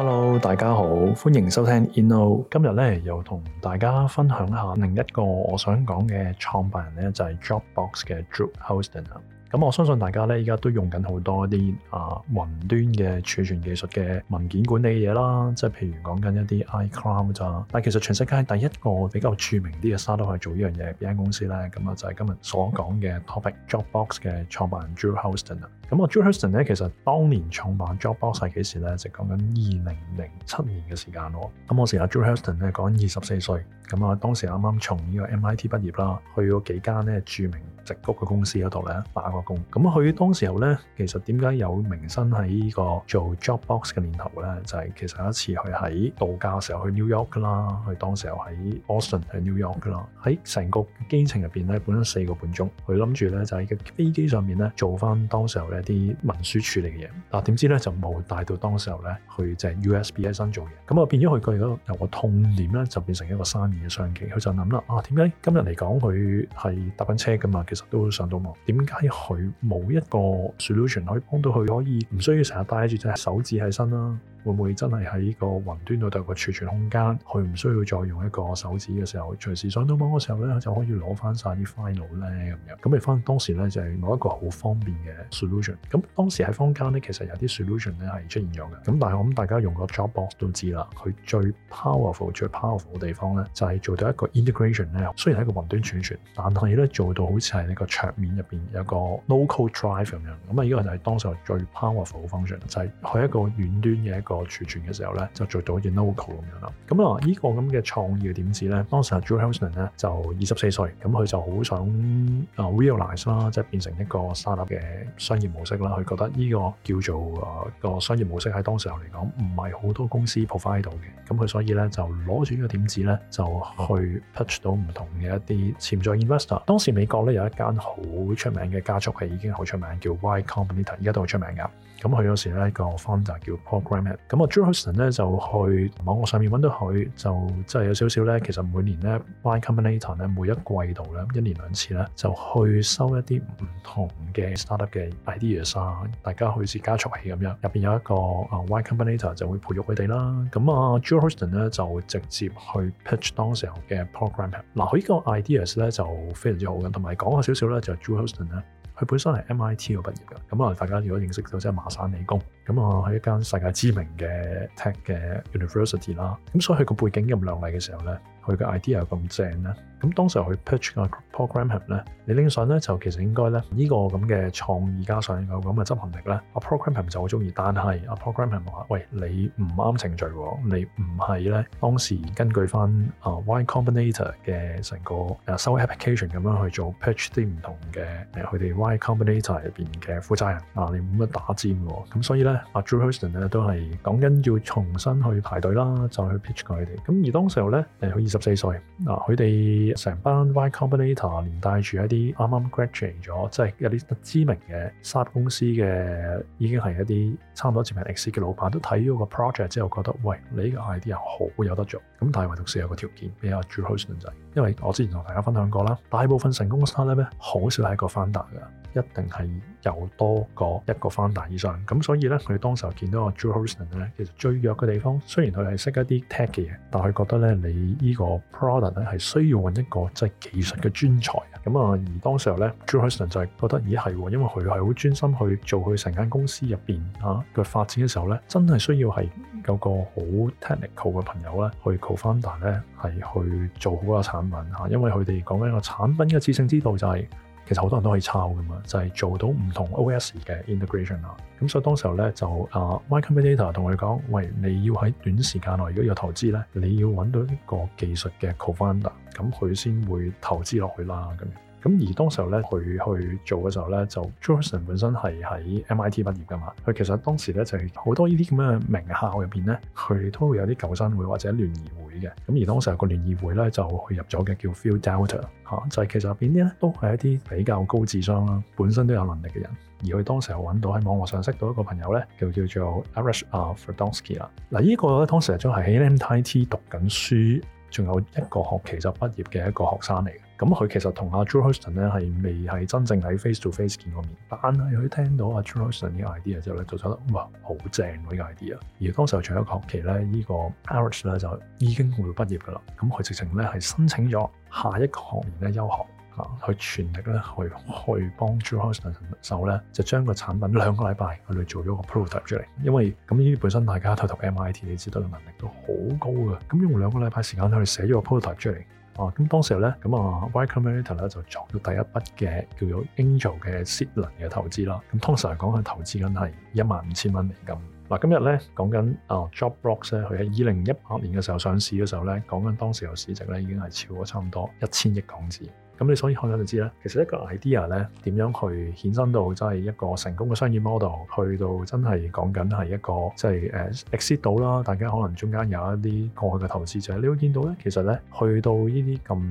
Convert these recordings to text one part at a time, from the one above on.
Hello，大家好，歡迎收聽 InKnow。今日呢，又同大家分享一下另一個我想講嘅創辦人咧就係 Dropbox 嘅 Drew Houston。咁我相信大家咧，依家都在用緊好多一啲啊雲端嘅儲存技術嘅文件管理嘅嘢啦，即係譬如講緊一啲 iCloud 啊。但係其實全世界第一個比較著名啲嘅 startup 去做呢樣嘢，邊間公司咧？咁啊，就係今日所講嘅 topic Dropbox 嘅創辦人 Drew Houston 啊。咁啊 Drew Houston 咧，其實當年創辦 Dropbox 係幾時咧？就講緊二零零七年嘅時間咯。咁我時刻 Drew Houston 咧講二十四歲，咁啊當時啱啱從呢個 MIT 畢業啦，去咗幾間咧著名。直谷嘅公司嗰度咧，打個工。咁佢當時候咧，其實點解有萌生喺呢個做 Dropbox 嘅念頭咧？就係、是、其實有一次佢喺度假嘅時候，去 New York 啦。佢當時候喺 Austin 去 New York 啦。喺成個機程入邊咧，本身四個半鐘，佢諗住咧就喺個飛機上面咧做翻當時候咧啲文書處理嘅嘢。嗱，點知咧就冇帶到當時候咧去就係 USB 起身做嘢。咁啊變咗佢個有個痛點咧就變成一個生意嘅商機。佢就諗啦，啊點解今日嚟講佢係搭緊車㗎嘛？都會上到網，點解佢冇一個 solution 可以幫到佢，可以唔需要成日戴住隻手指喺身啦？會唔會真係喺個雲端度得個儲存空間？佢唔需要再用一個手指嘅時候，隨時上到網嘅時候咧，就可以攞翻晒啲 file 咧咁樣。咁你翻當時咧就係、是、攞一個好方便嘅 solution。咁當時喺坊間咧，其實有啲 solution 咧係出現咗嘅。咁但係我諗大家用個 Dropbox 都知啦，佢最 powerful、最 powerful 嘅地方咧，就係、是、做到一個 integration 咧。雖然係一個雲端儲存，但係咧做到好似係呢個桌面入邊有個 local drive 咁樣。咁啊，呢個就係當時候最 powerful 嘅 function，就係、是、佢一個遠端嘅一個。儲存嘅時候咧，就做到好似 local 咁樣啦。咁啊，呢、這個咁嘅創意嘅點子咧，當時阿 Drew Houston 咧就二十四歲，咁佢就好想啊 realise 啦，即係變成一個沙粒嘅商業模式啦。佢覺得呢個叫做啊個商業模式喺當時候嚟講，唔係好多公司 provide 到嘅。咁佢所以咧就攞住呢個點子咧，就去 pitch 到唔同嘅一啲潛在 investor。 當時美國咧有一間好出名嘅加速器，已經好出名，叫 Y Combinator，而家都好出名噶。咁佢有時咧、那個 fund 就、er、叫 programme。咁啊 Drew Houston 咧就去網絡上面揾到佢，就即係有少少咧。其實每年咧，Y Combinator 咧，每一季度咧，一年兩次咧，就去收一啲唔同嘅 startup 嘅 ideas 啊。大家好似加速器咁樣，入邊有一個啊 Y Combinator 就會培育佢哋啦。咁啊 Drew Houston 咧就直接去 pitch 當時嘅 programme a、啊。嗱，佢呢個 ideas 咧就非常之好嘅，同埋講下少少咧就 Drew Houston 啦。佢本身係 MIT 度畢業㗎，咁啊大家如果認識到即係麻省理工，咁啊喺一間世界知名嘅 Tech 嘅 University 啦，咁所以佢個背景咁亮麗嘅時候呢。佢嘅 idea 咁正咧，咁當時去 pitch 個 program 咧，你拎上咧就其實應該咧呢、這個咁嘅創意加上有咁嘅執行力咧，阿 program 就好中意。但係阿 program 話，喂，你唔啱程序喎、哦，你唔係咧。當時根據翻啊、uh,，Y-combinator 嘅成個個、uh, 收 application 咁樣去做 pitch 啲唔同嘅誒佢、uh, 哋 Y-combinator 入邊嘅負責人啊，你冇乜打尖喎、哦。咁所以咧，阿 Drew Houston 咧都係講緊要重新去排隊啦，就去 pitch 佢哋。咁而當時候咧，誒佢二十。十四歲啊，佢哋成班 Y Combinator 連帶住一啲啱啱 graduate 咗，即係、就是、一啲知名嘅 startup 公司嘅，已經係一啲差唔多接近 exit 嘅老闆，都睇咗個 project 之後，覺得喂，你呢個 idea 好有得做。咁但係唯獨是有個條件，比較 Drew Houston 就係，因為我之前同大家分享過啦，大部分成功嘅 startup 咧，好少係一個 founder 噶。一定係有多過一個 founder 以上，咁所以咧，佢哋當時候見到個 Drew Houston 咧，其實最弱嘅地方，雖然佢係識一啲 tech 嘅嘢，但佢覺得咧，你呢個 product 咧係需要揾一個即係、就是、技術嘅專才。咁啊，而當時候咧，Drew Houston 就係覺得咦係、哦，因為佢係好專心去做佢成間公司入邊啊嘅發展嘅時候咧，真係需要係有個好 technical 嘅朋友咧去 co-founder 咧係去做好個產品啊，因為佢哋講緊個產品嘅致勝之道就係、是。其實好多人都可以抄㗎嘛，就係、是、做到唔同 OS 嘅 integration 啦。咁所以當時候呢，就啊，Y Combinator 同佢講：「喂，你要喺短時間內，如果有投資呢，你要揾到一個技術嘅 cofounder，咁佢先會投資落去啦。咁樣。咁而當時候咧，佢去做嘅時候咧，就 Houston 本身係喺 MIT 畢業噶嘛。佢其實當時咧就係好多呢啲咁嘅名校入邊咧，佢都會有啲舊生會或者聯誼會嘅。咁而當時個聯誼會咧就去入咗嘅叫 Phi Delta 嚇、啊，就係其實入邊啲咧都係一啲比較高智商啦，本身都有能力嘅人。而佢當時又揾到喺網絡上識到一個朋友咧，就叫做 Arash Ah Ferdowsi 啦。嗱、啊，呢個咧當時仲係喺 MIT 讀緊書，仲有一個學期就畢業嘅一個學生嚟嘅。咁佢其實同阿 Drew Houston 咧係未係真正喺 face to face 見過面，但係佢聽到阿 Drew Houston 啲 idea 之後咧，就覺得哇，好正呢個 idea。而當時仲有一個學期咧，這個、a 呢個 Arash 咧就已經會畢業㗎啦。咁佢直情咧係申請咗下一個學年咧休學，啊，去全力咧去去幫 Drew Houston 手咧，就將個產品兩個禮拜去嚟做咗個 prototype 出嚟。因為咁呢啲本身大家喺同 MIT 你知道嘅能力都好高嘅，咁用兩個禮拜時間喺度寫咗個 prototype 出嚟。哦，咁、啊、當時咧，咁啊，Y Combinator 咧就作咗第一筆嘅叫做 Angel 嘅 Seed 輪嘅投資啦。咁、啊、當時嚟講，佢投資緊係一萬五千蚊美金。嗱、啊，今日呢講緊啊 Dropbox 咧，佢喺二零一八年嘅時候上市嘅時候呢，講緊當時嘅市值呢已經係超過差唔多一千億港紙。咁你所以看咗就知咧，其實一個 idea 咧點樣去衍生到，真係一個成功嘅商業 model，去到真係講緊係一個即係誒 exit 到啦。大家可能中間有一啲過去嘅投資者，你會見到咧，其實咧去到呢啲咁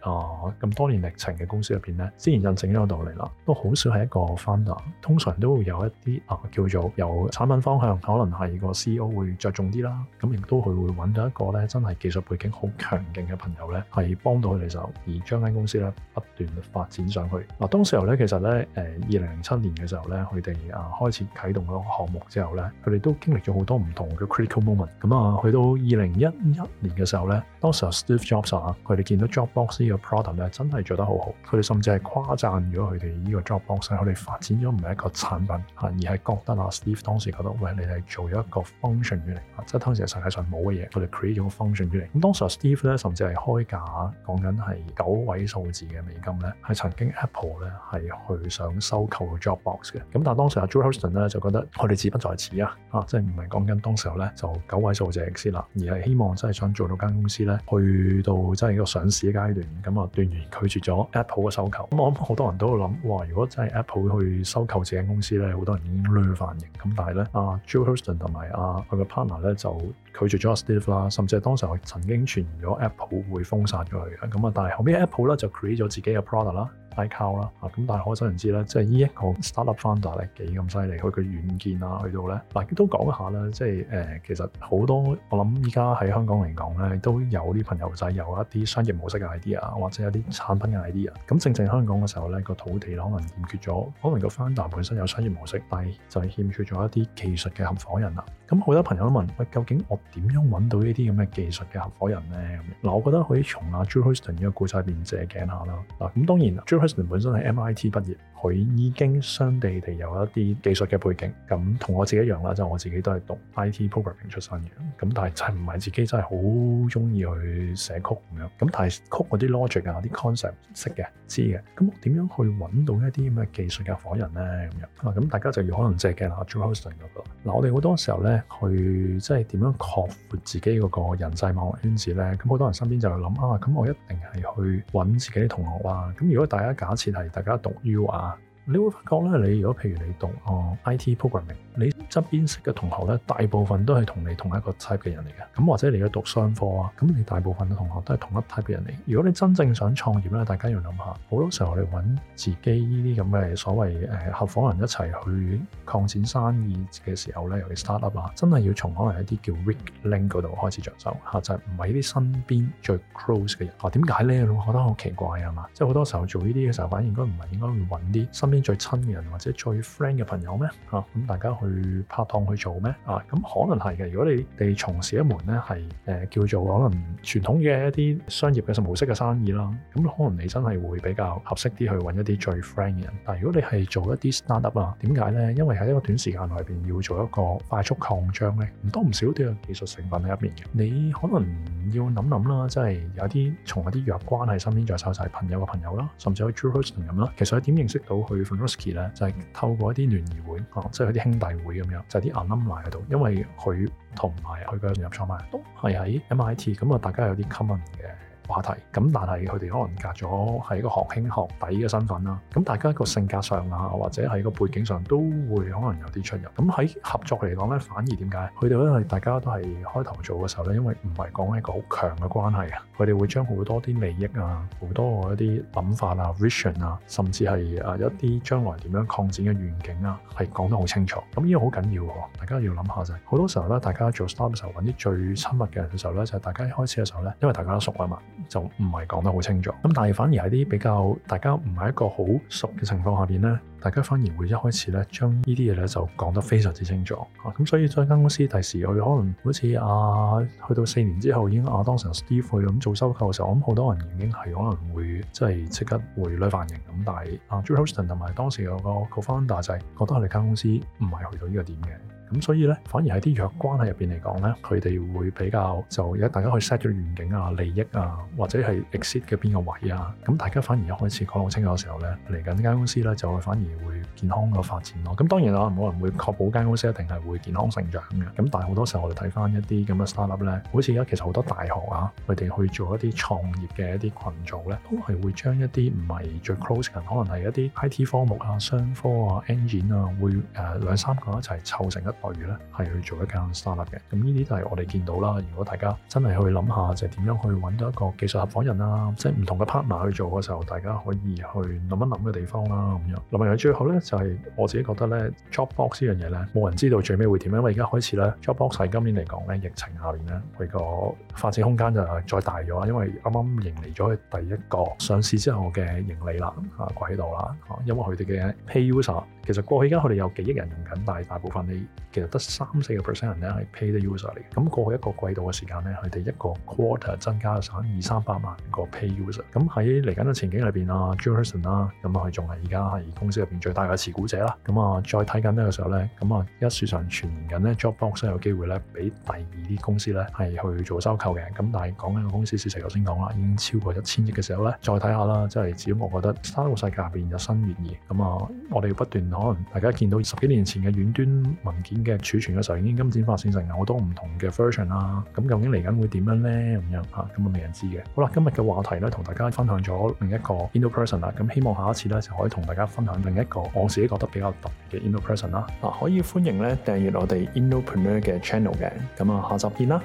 啊咁多年歷程嘅公司入邊咧，自然印證呢個道理啦。都好少係一個 founder，通常都會有一啲啊叫做由產品方向，可能係個 CEO 會着重啲啦。咁亦都佢會揾到一個咧真係技術背景好強勁嘅朋友咧，係幫到佢哋手，而將間公司咧不斷發展上去嗱、啊，當時候咧，其實咧，誒二零零七年嘅時候咧，佢哋啊開始啟動嗰個項目之後咧，佢哋都經歷咗好多唔同嘅 critical moment、嗯。咁啊，去到二零一一年嘅時候咧，當時阿 Steve Jobs 啊，佢哋見到 Dropbox 呢個 product 咧，真係做得好好，佢哋甚至係誇讚咗佢哋呢個 Dropbox，佢、啊、哋發展咗唔係一個產品嚇、啊，而係覺得阿 Steve 當時覺得，喂、哎，你係做咗一個 function 出嚟、啊，即係當時係世界上冇嘅嘢，佢哋 create 咗個 function 出嚟。咁、啊、當時啊，Steve 咧，甚至係開價、啊、講緊係九位數字，嘅美金咧，係曾經 Apple 咧係去想收購 Dropbox 嘅。咁但係當時阿 Drew Houston 咧就覺得我哋志不在此啊，啊即係唔係講緊當時候咧就九位數字先啦，而係希望真係想做到間公司咧去到真係一個上市階段，咁啊斷然拒絕咗 Apple 嘅收購。咁、嗯、我諗好多人都會諗，哇！如果真係 Apple 去收購自己間公司咧，好多人已經亂反應。咁但係咧，阿、啊、Drew Houston 同埋啊佢嘅 partner 咧就。拒絕咗 Steve 啦，甚至係當時我曾經傳言咗 Apple 會封殺咗佢嘅，咁啊，但係後尾 Apple 咧就 create 咗自己嘅 product 啦 iCloud 啦，啊咁，但係可想而知咧，即係呢一個 startup founder 咧幾咁犀利，佢嘅軟件啊，去到咧，亦都講一下啦，即係誒、呃，其實好多我諗依家喺香港嚟講咧，都有啲朋友仔有一啲商業模式嘅 idea，或者有啲產品嘅 idea，咁正正香港嘅時候咧，個土地可能欠缺咗，可能個 founder 本身有商業模式，但係就係欠缺咗一啲技術嘅合夥人啦。咁好多朋友都問，喂，究竟我？點樣揾到呢啲咁嘅技術嘅合夥人咧？嗱，我覺得可以從阿 Drew Houston 呢個故仔入邊借鏡下啦。嗱，咁當然啦，Drew Houston 本身係 MIT 畢業，佢已經相地地有一啲技術嘅背景。咁同我自己一樣啦，就是、我自己都係讀 IT programming 出身嘅。咁但係真唔係自己真係好中意去寫曲咁樣。咁但係曲嗰啲 logic 啊、啲 concept 識嘅、知嘅。咁點樣去揾到一啲咁嘅技術嘅合夥人咧？咁樣啊，咁大家就要可能借鏡阿 Drew Houston 嗰個。嗱，我哋好多時候咧，去即係點樣？擴闊自己嗰個人際網絡圈子呢，咁好多人身邊就會諗「啊，咁我一定係去揾自己啲同學啊。」咁如果大家假設係大家讀 U 啊？你會發覺咧，你如果譬如你讀個、哦、IT programming，你側邊識嘅同學咧，大部分都係同你同一個 type 嘅人嚟嘅。咁或者你要讀商科啊，咁你大部分嘅同學都係同一 type 嘅人嚟。如果你真正想創業咧，大家要諗下，好多時候你揾自己呢啲咁嘅所謂誒、呃、合夥人一齊去擴展生意嘅時候咧，尤其 startup 啊，真係要從可能一啲叫 weak link 嗰度開始着手嚇，就唔係啲身邊最 close 嘅人。啊，點解咧？你會覺得好奇怪啊嘛。即係好多時候做呢啲嘅時候，反而應該唔係應該會揾啲新。邊最親嘅人或者最 friend 嘅朋友咩？啊，咁大家去拍檔去做咩？啊，咁可能係嘅。如果你哋從事一門咧，係誒叫做可能傳統嘅一啲商業嘅模式嘅生意啦，咁可能你真係會比較合適啲去搵一啲最 friend 嘅人。但係如果你係做一啲 start up 啊，點解咧？因為喺一個短時間內邊要做一個快速擴張咧，唔多唔少都有技術成分喺入面嘅。你可能。要諗諗啦，即係有啲從有啲熟合關係身邊再收晒朋友嘅朋友啦，甚至去 j e w u s h 人咁啦。其實佢點認識到佢 Fransky 咧，就係、是、透過一啲聯誼會啊，即係佢啲兄弟會咁樣，就係、是、啲 Alabama 度，因為佢同埋佢嘅入錯埋都係喺 MIT，咁啊大家有啲 common 嘅。話題咁，但係佢哋可能隔咗係一個學兄學弟嘅身份啦。咁大家個性格上啊，或者係個背景上，都會可能有啲出入。咁喺合作嚟講咧，反而點解佢哋因為大家都係開頭做嘅時候咧，因為唔係講一個好強嘅關係啊。佢哋會將好多啲利益啊，好多一啲諗法啊、vision 啊，甚至係啊一啲將來點樣擴展嘅願景啊，係講得好清楚。咁呢個好緊要喎，大家要諗下就係、是、好多時候咧，大家做 start 嘅時候揾啲最親密嘅人嘅時候咧，就係、是、大家一開始嘅時候咧，因為大家都熟啊嘛。就唔係講得好清楚咁，但係反而喺啲比較大家唔係一個好熟嘅情況下邊咧，大家反而會一開始咧將呢啲嘢咧就講得非常之清楚。咁、啊、所以在間公司第時佢可能好似阿、啊、去到四年之後已經阿當成 Steve 去咁做收購嘅時候，我諗好多人已經係可能會即係即刻會兩萬型咁，但係阿 Drew Houston 同埋當時有個 Co-founder 就係覺得佢哋間公司唔係去到呢個點嘅。咁所以咧，反而喺啲弱關係入邊嚟講咧，佢哋會比較就而家大家去 set 咗願景啊、利益啊，或者係 exit 嘅邊個位啊，咁、嗯、大家反而一開始講得好清嘅時候咧，嚟緊呢間公司咧就會反而會健康個發展咯。咁、嗯、當然啊，冇人會確保間公司一定係會健康成長嘅。咁但係好多時候我哋睇翻一啲咁嘅 startup 咧，好似而家其實好多大學啊，佢哋去做一啲創業嘅一啲群組咧，都係會將一啲唔係最 close 嘅人，end，可能係一啲 IT 科目啊、商科啊、engine 啊，會誒兩、呃、三個一齊湊成一。例如咧，係去做一間 startup 嘅，咁呢啲就係我哋見到啦。如果大家真係去諗下，就點樣去揾到一個技術合夥人啦、啊，即係唔同嘅 partner 去做嘅時候，大家可以去諗一諗嘅地方啦、啊，咁樣。另外最最好咧，就係、是、我自己覺得咧，Dropbox 呢樣嘢咧，冇人知道最尾會點，因為而家開始咧，Dropbox 喺今年嚟講咧，疫情下面咧，佢個發展空間就係再大咗，因為啱啱迎嚟咗佢第一個上市之後嘅盈利啦，啊，掛喺度啦，因為佢哋嘅 pay user。其實過去而家佢哋有幾億人用緊，但係大部分你其實得三四個 percent 人咧係 paid user 嚟嘅。咁過去一個季度嘅時間咧，佢哋一個 quarter 增加咗二三百萬個 paid user。咁喺嚟緊嘅前景裏邊啊，Houston 啦，咁啊佢仲係而家係公司入邊最大嘅持股者啦。咁啊再睇緊呢個時候咧，咁啊一説上傳言緊咧，Dropbox 有機會咧俾第二啲公司咧係去做收購嘅。咁但係講緊個公司市值頭先講啦，已經超過一千億嘅時候咧，再睇下啦。即係只要我覺得三個世界入邊有新玩意，咁啊我哋要不斷。可能大家見到十幾年前嘅遠端文件嘅儲存嘅時候，已經今展發現成有好多唔同嘅 version 啦。咁究竟嚟緊會點樣咧？咁樣嚇咁啊，未人知嘅。好啦，今日嘅話題咧，同大家分享咗另一個 Innopreneur 啦。咁希望下一次咧，就可以同大家分享另一個我自己覺得比較特別嘅 Innopreneur 啦。嗱、啊，可以歡迎咧訂閱我哋 Innopreneur 嘅 channel 嘅。咁啊，下集見啦。